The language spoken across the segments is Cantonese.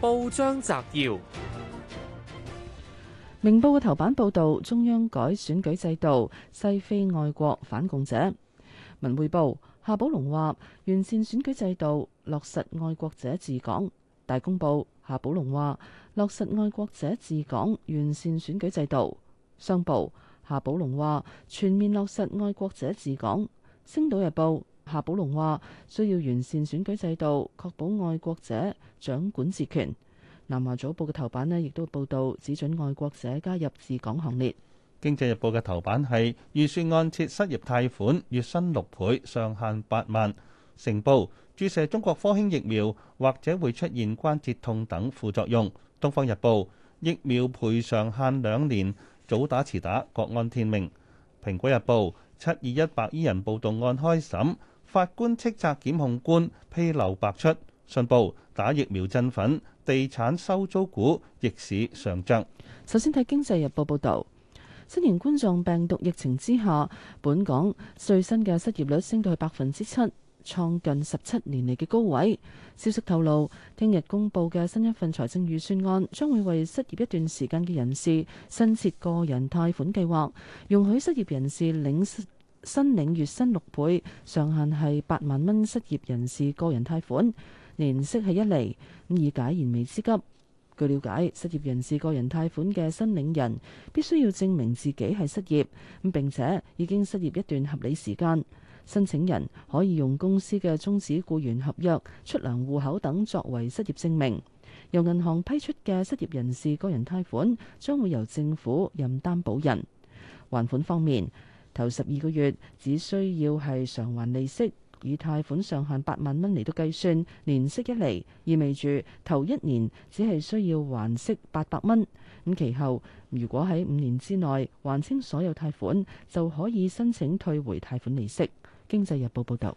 報章摘要：明報嘅頭版報道中央改選舉制度，西非愛國反共者。文匯報夏寶龍話完善選舉制度，落實愛國者治港。大公報夏寶龍話落實愛國者治港，完善選舉制度。商報夏寶龍話全面落實愛國者治港。《星島日報》夏寶龍話：需要完善選舉制度，確保愛國者掌管治權。南華早報嘅頭版呢，亦都報道只准愛國者加入治港行列。經濟日報嘅頭版係預算案設失業貸款，月薪六倍上限八萬。成報注射中國科興疫苗，或者會出現關節痛等副作用。東方日報疫苗賠償限兩年，早打遲打各按天命。蘋果日報七二一白衣人暴動案開審。法官斥責檢控官披露白出，信報打疫苗振奮，地產收租股逆市上漲。首先睇經濟日報報導，新型冠狀病毒疫情之下，本港最新嘅失業率升到去百分之七，創近十七年嚟嘅高位。消息透露，聽日公布嘅新一份財政預算案，將會為失業一段時間嘅人士新設個人貸款計劃，容許失業人士領失。申領月薪六倍上限係八萬蚊，失業人士個人貸款年息係一厘，以解燃眉之急。據了解，失業人士個人貸款嘅申領人必須要證明自己係失業，咁並且已經失業一段合理時間。申請人可以用公司嘅終止雇員合約、出糧戶口等作為失業證明。由銀行批出嘅失業人士個人貸款將會由政府任擔保人。還款方面，頭十二個月只需要係償還利息，以貸款上限八萬蚊嚟到計算，年息一厘，意味住頭一年只係需要還息八百蚊。咁其後如果喺五年之內還清所有貸款，就可以申請退回貸款利息。經濟日報報導。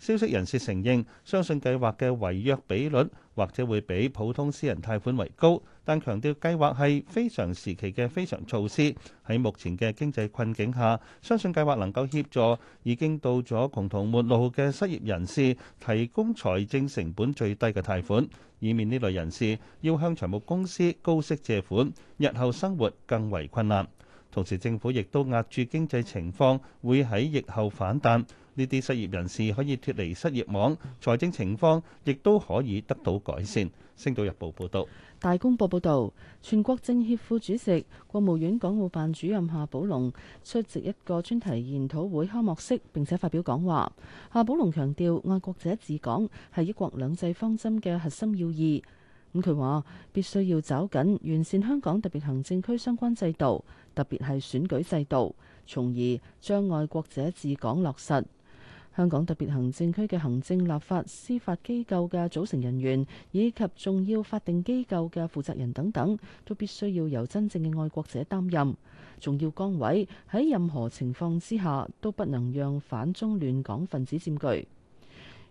消息人士承認，相信計劃嘅違約比率或者會比普通私人貸款為高，但強調計劃係非常時期嘅非常措施。喺目前嘅經濟困境下，相信計劃能夠協助已經到咗窮途末路嘅失業人士提供財政成本最低嘅貸款，以免呢類人士要向財務公司高息借款，日後生活更為困難。同時，政府亦都押住經濟情況會喺疫後反彈。呢啲失業人士可以脫離失業網，財政情況亦都可以得到改善。星島日報報道，大公報報道，全國政協副主席、國務院港澳辦主任夏寶龍出席一個專題研討會開幕式並且發表講話。夏寶龍強調，愛國者治港係一國兩制方針嘅核心要義。咁佢話必須要找緊完善香港特別行政區相關制度，特別係選舉制度，從而將愛國者治港落實。香港特別行政區嘅行政、立法、司法機構嘅組成人員，以及重要法定機構嘅負責人等等，都必須要由真正嘅愛國者擔任。重要崗位喺任何情況之下都不能讓反中亂港分子佔據。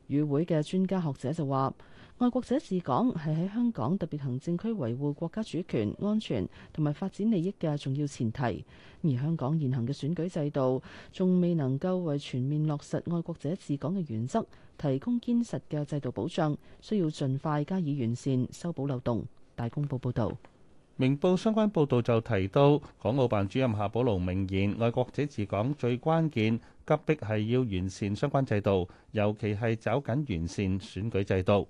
與會嘅專家學者就話：愛國者治港係喺香港特別行政區維護國家主權、安全同埋發展利益嘅重要前提。而香港現行嘅選舉制度仲未能夠為全面落實愛國者治港嘅原則提供堅實嘅制度保障，需要盡快加以完善，修補漏洞。大公報報道。明報相關報導就提到，港澳辦主任夏寶龍明言，愛國者治港最關鍵急迫係要完善相關制度，尤其係抓緊完善選舉制度。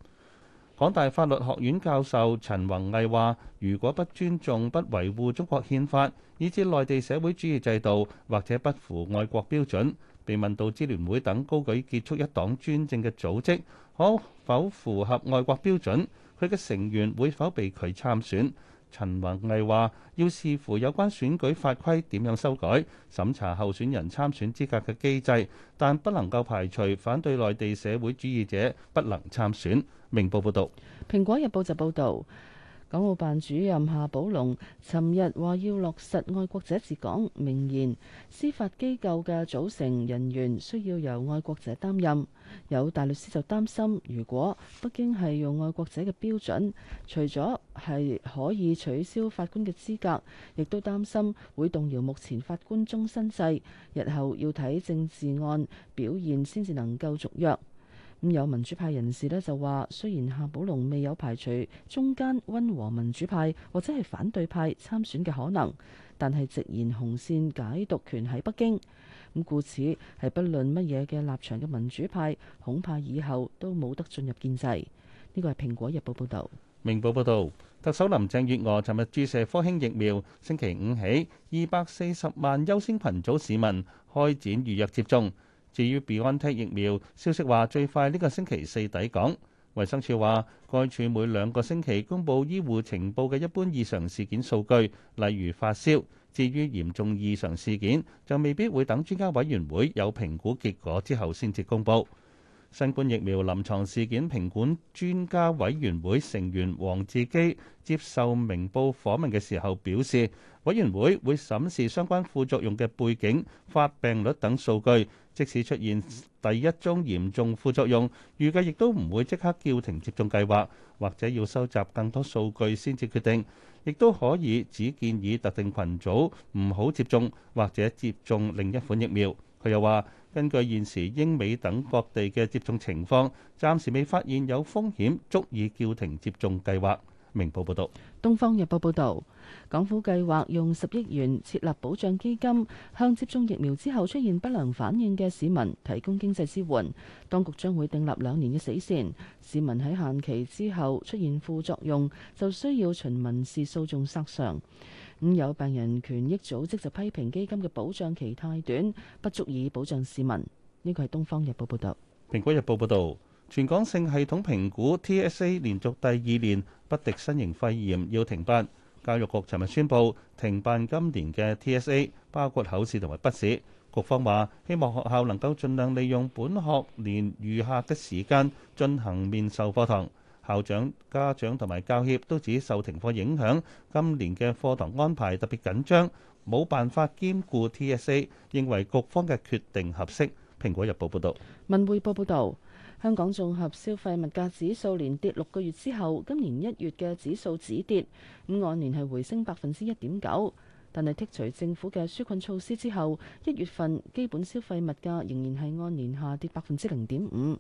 港大法律學院教授陳宏毅話，如果不尊重、不維護中國憲法，以至內地社會主義制度，或者不符外國標準，被問到支聯會等高舉結束一黨專政嘅組織，可否符合外國標準？佢嘅成員會否被拒參選？陳宏毅話：要視乎有關選舉法規點樣修改、審查候選人參選資格嘅機制，但不能夠排除反對內地社會主義者不能參選。明報報道。蘋果日報就報導。港澳辦主任夏寶龍尋日話要落實愛國者治港，明言司法機構嘅組成人員需要由愛國者擔任。有大律師就擔心，如果北京係用愛國者嘅標準，除咗係可以取消法官嘅資格，亦都擔心會動搖目前法官終身制，日後要睇政治案表現先至能夠續約。咁有民主派人士呢就話，雖然夏寶龍未有排除中間温和民主派或者係反對派參選嘅可能，但係直言紅線解讀權喺北京，咁故此係不論乜嘢嘅立場嘅民主派恐怕以後都冇得進入建制。呢個係《蘋果日報》報導，《明報》報導，特首林鄭月娥尋日注射科興疫苗，星期五起二百四十萬優先群組市民開展預約接種。至於 BNT 疫苗，消息話最快呢個星期四抵港。衛生署話，該處每兩個星期公佈醫護情報嘅一般異常事件數據，例如發燒。至於嚴重異常事件，就未必會等專家委員會有評估結果之後先至公佈。新冠疫苗臨床事件評管專家委員會成員黃志基接受明報訪問嘅時候表示，委員會會審視相關副作用嘅背景、發病率等數據，即使出現第一宗嚴重副作用，預計亦都唔會即刻叫停接種計劃，或者要收集更多數據先至決定，亦都可以只建議特定群組唔好接種，或者接種另一款疫苗。佢又話：根據現時英美等各地嘅接種情況，暫時未發現有風險足以叫停接種計劃。明報報道。《東方日報》報道，港府計劃用十億元設立保障基金，向接種疫苗之後出現不良反應嘅市民提供經濟支援。當局將會訂立兩年嘅死線，市民喺限期之後出現副作用，就需要循民事訴訟索償。咁有病人權益組織就批評基金嘅保障期太短，不足以保障市民。呢個係《東方日報》報導，《蘋果日報》報導，全港性系統評估 TSA 連續第二年不敵新型肺炎，要停辦。教育局尋日宣布停辦今年嘅 TSA，包括口試同埋筆試。局方話希望學校能夠盡量利用本學年餘下嘅時間進行面授課堂。校長、家長同埋教協都指受停課影響，今年嘅課堂安排特別緊張，冇辦法兼顧 TSA，認為各方嘅決定合適。蘋果日報報導，文匯報報導，香港綜合消費物價指數連跌六個月之後，今年一月嘅指數止跌，咁按年係回升百分之一點九，但係剔除政府嘅紓困措施之後，一月份基本消費物價仍然係按年下跌百分之零點五。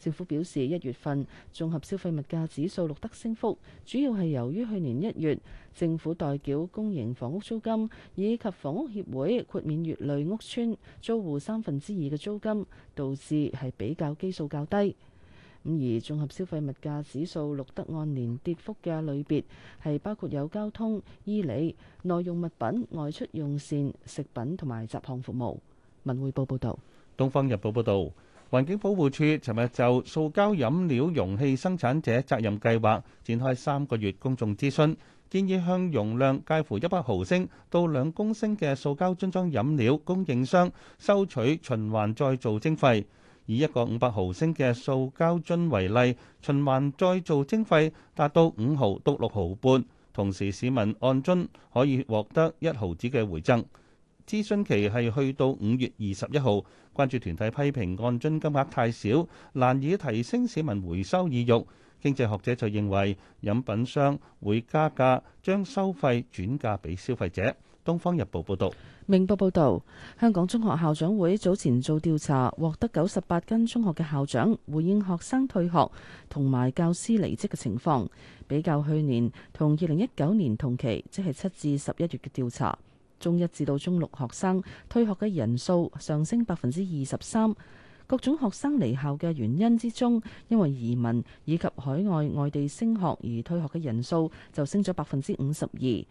政府表示，一月份綜合消費物價指數錄得升幅，主要係由於去年一月政府代繳公營房屋租金，以及房屋協會豁免月類屋邨租戶三分之二嘅租金，導致係比較基數較低。咁而綜合消費物價指數錄得按年跌幅嘅類別，係包括有交通、醫理、耐用物品、外出用膳、食品同埋雜項服務。文匯報報道。東方日報報道。環境保護署尋日就塑膠飲料容器生產者責任計劃展開三個月公眾諮詢，建議向容量介乎一百毫升到兩公升嘅塑膠樽裝飲料供應商收取循環再造徵費。以一個五百毫升嘅塑膠樽為例，循環再造徵費達到五毫到六毫半，同時市民按樽可以獲得一毫子嘅回贈。諮詢期係去到五月二十一號，關注團體批評按津金額太少，難以提升市民回收意欲。經濟學者就認為飲品商會加價，將收費轉嫁俾消費者。《東方日報》報道，《明報》報道，香港中學校長會早前做調查，獲得九十八間中學嘅校長回應學生退學同埋教師離職嘅情況，比較去年同二零一九年同期，即係七至十一月嘅調查。中一至到中六學生退學嘅人數上升百分之二十三，各種學生離校嘅原因之中，因為移民以及海外外地升學而退學嘅人數就升咗百分之五十二。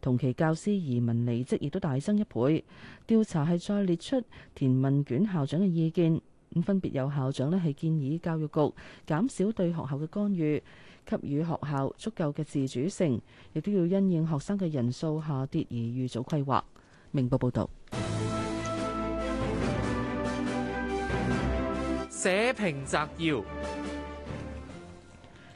同期教師移民離職亦都大增一倍。調查係再列出填問卷校長嘅意見，咁分別有校長咧係建議教育局減少對學校嘅干預。給予學校足夠嘅自主性，亦都要因應學生嘅人數下跌而預早規劃。明報報導。社評摘要：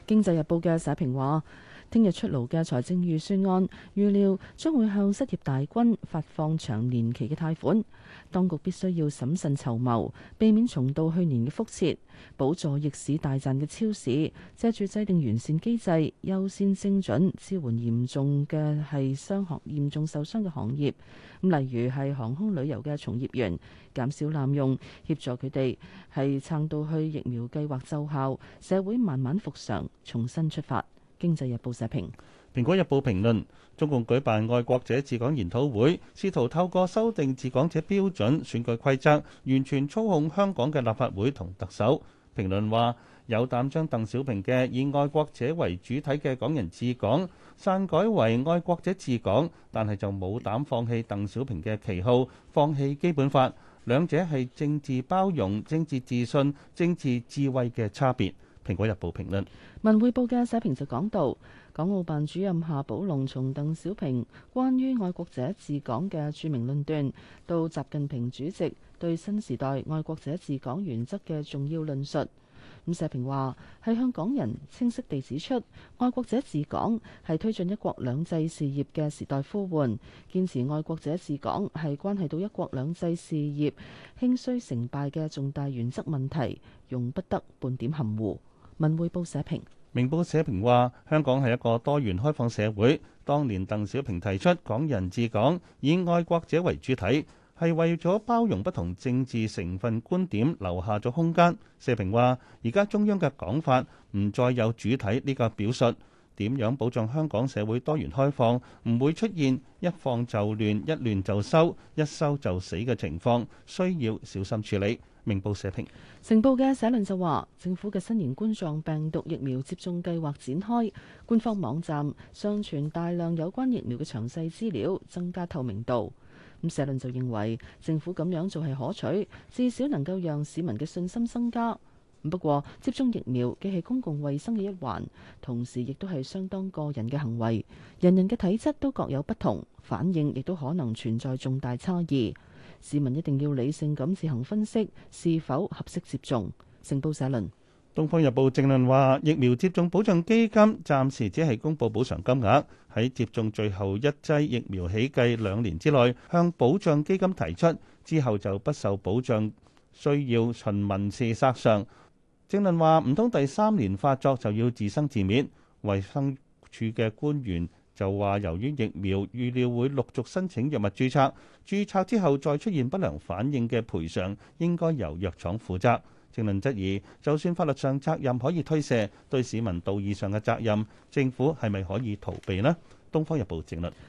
經濟日報嘅社評話。聽日出爐嘅財政預算案預料將會向失業大軍發放長年期嘅貸款，當局必須要審慎籌謀，避免重蹈去年嘅覆轍，補助逆市大賺嘅超市，藉住制定完善機制，優先精準支援嚴重嘅係傷行嚴重受傷嘅行業，咁例如係航空旅遊嘅從業員，減少濫用協助佢哋係撐到去疫苗計劃奏效，社會慢慢復常，重新出發。經濟日報社評，《蘋果日報》評論：中共舉辦愛國者治港研討會，試圖透過修訂治港者標準選舉規則，完全操控香港嘅立法會同特首。評論話：有膽將鄧小平嘅以愛國者為主體嘅港人治港，篡改為愛國者治港，但係就冇膽放棄鄧小平嘅旗號，放棄基本法。兩者係政治包容、政治自信、政治智慧嘅差別。《蘋果日報》評論，《文匯報》嘅社評就講到，港澳辦主任夏寶龍從鄧小平關於愛國者治港嘅著名論斷，到習近平主席對新時代愛國者治港原則嘅重要論述。咁社評話係香港人清晰地指出，愛國者治港係推進一國兩制事業嘅時代呼喚，堅持愛國者治港係關係到一國兩制事業興衰成敗嘅重大原則問題，容不得半點含糊。文匯報社評，明報社評話：香港係一個多元開放社會。當年鄧小平提出「港人治港，以愛國者為主體」，係為咗包容不同政治成分觀點，留下咗空間。社評話：而家中央嘅講法，唔再有「主體」呢個表述。點樣保障香港社會多元開放，唔會出現一放就亂、一亂就收、一收就死嘅情況，需要小心處理。明報社評，成報嘅社論就話，政府嘅新型冠狀病毒疫苗接種計劃展開，官方網站上傳大量有關疫苗嘅詳細資料，增加透明度。咁社論就認為，政府咁樣做係可取，至少能夠讓市民嘅信心增加。不過接種疫苗既係公共衛生嘅一環，同時亦都係相當個人嘅行為。人人嘅體質都各有不同，反應亦都可能存在重大差異。市民一定要理性咁自行分析是否合適接種。成報社論，《東方日報》正論話，疫苗接種保障基金暫時只係公布補償金額，喺接種最後一劑疫苗起計兩年之內向保障基金提出，之後就不受保障，需要循民事索償。正論話唔通第三年發作就要自生自滅，衛生署嘅官員就話由於疫苗預料會陸續申請藥物註冊，註冊之後再出現不良反應嘅賠償應該由藥廠負責。正論質疑，就算法律上責任可以推卸，對市民道義上嘅責任，政府係咪可以逃避呢？《東方日報》正論。